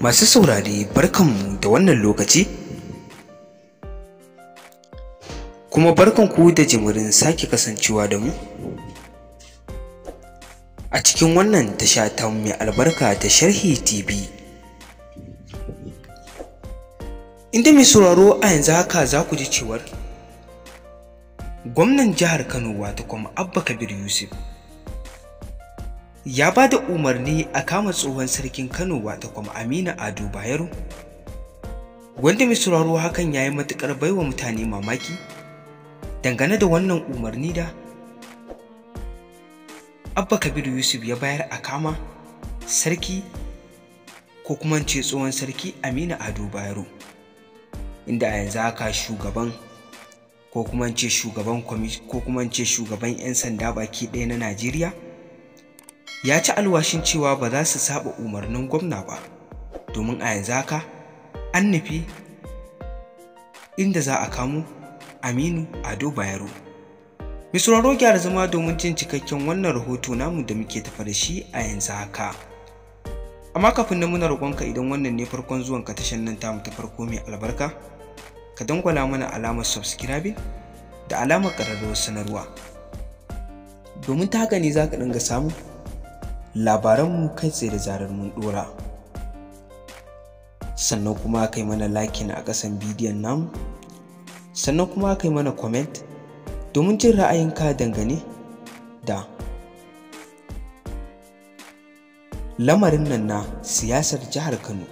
Masu saurari barkanmu da wannan lokaci kuma barkanku da jimirin sake kasancewa da mu a cikin wannan tasha ta mai albarka ta sharhi TV inda mai sauraro a yanzu haka za ku ji cewar gwamnan jihar Kano wata kuma Abba Kabir Yusuf ya ba da umarni a kama tsohon sarkin kano wata kuma amina ado bayero wanda mai sauraro hakan ya yi matukar baiwa mutane mamaki dangane da wannan umarni da abba kabiru yusuf ya bayar a kama sarki ko kuma ce tsohon sarki amina ado bayero inda a yanzu haka shugaban ko kuma ce shugaban ko kuma ce shugaban 'yan sanda baki ɗaya na najeriya ya ci alwashin cewa ba za su saba umarnin gwamna ba domin a yanzu haka an nufi inda za a kamo aminu ado bayero misurarro gyara zama domin jin cikakken wannan rahoto namu da muke tafa da shi a yanzu haka amma kafin na muna roƙonka idan wannan ne farkon zuwan ka tashan nan tamu ta farko mai albarka ka dangwala mana alamar subscribing da alamar ƙararrawar sanarwa domin ta haka ne za ka dinga samu labaranmu kai tsaye da zarar mun dora sannan kuma kai mana lakin a ƙasan bidiyon namu sannan kuma kai mana comment domin jin ka dangane da lamarin nan na siyasar jihar kano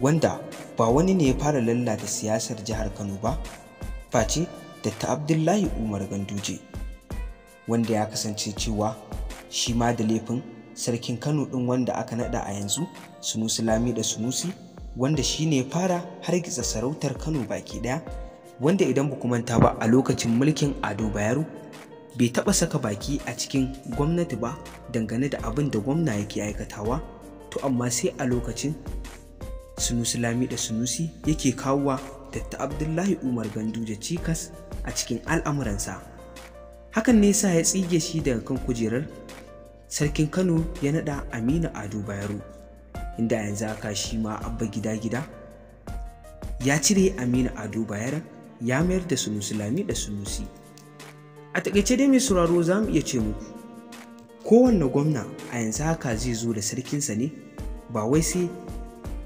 wanda ba wani ne ya fara lallata siyasar jihar kano ba face da ta abdullahi umar ganduje wanda ya kasance cewa shi ma da laifin sarkin kano ɗin wanda aka naɗa a yanzu sunusi lami da sunusi wanda shi ne fara hargitsa sarautar kano baki ɗaya wanda idan ba manta ba a lokacin mulkin ado bayaru bai taɓa saka baki a cikin gwamnati ba dangane da abin da gwamna yake aikatawa to amma sai a lokacin sunusi lami da sunusi yake kawowa datta abdullahi umar ganduje cikas a cikin al'amuransa hakan ne sa ya tsige shi daga kan kujerar sarkin kano ya naɗa aminu ado bayero inda yanzu haka shi ma abba gida gida ya cire aminu ado bayero ya mayar da sunusi lami da sunusi a takaice dai mai sauraro za mu iya ce mu kowanne gwamna a yanzu haka zai zo da sarkinsa ne ba wai sai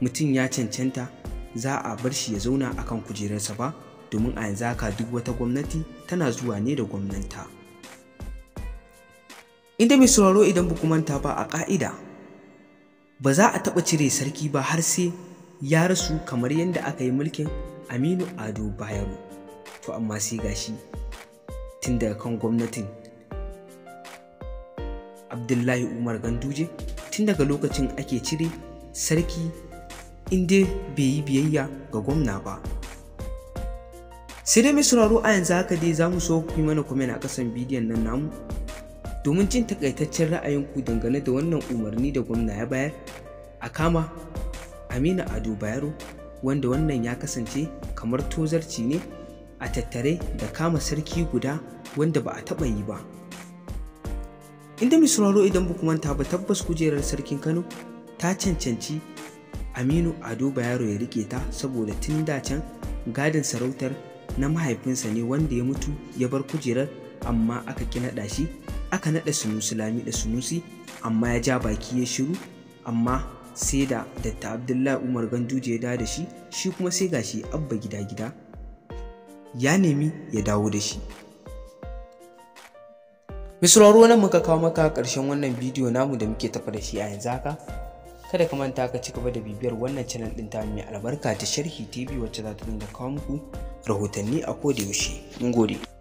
mutum ya cancanta za a bar shi ya zauna akan kujerarsa ba domin a yanzu haka duk wata gwamnati tana zuwa ne da gwamnanta. inda mai sauraro idan ba manta ba a ƙa'ida ba za a taɓa cire sarki ba har sai ya rasu kamar yadda aka yi mulkin aminu ado bayero to amma sai gashi tun daga kan gwamnatin abdullahi umar ganduje tun daga lokacin ake cire sarki inda bai yi biyayya ga gwamna ba sai dai mai sauraro a yanzu haka dai za mu so ku yi mana kuma a ƙasan bidiyon nan namu domin jin takaitaccen ra'ayinku dangane da wannan umarni da gwamna ya bayar a kama aminu ado bayero wanda wannan ya kasance kamar tozarci ne a tattare da kama sarki guda wanda ba a taɓa yi ba inda misraro idan ba ba tabbas kujerar sarkin kano ta cancanci aminu ado bayero ya rike ta saboda tun da can gadin sarautar na mahaifinsa ne wanda ya mutu ya bar kujerar amma aka kina shi aka naɗa sunusi lami da sunusi amma ya ja baki ya shiru amma sai da datta abdullahi umar ganduje ya dawo da shi shi kuma sai gashi abba gida gida ya nemi ya dawo da shi misrarro nan muka kawo maka ƙarshen wannan bidiyo namu da muke tafa da shi a yanzu haka kada ka manta ka ci gaba da bibiyar wannan channel ɗin ta mai albarka ta sharhi tv wacce za ta dinga kawo muku rahotanni a koda yaushe mun gode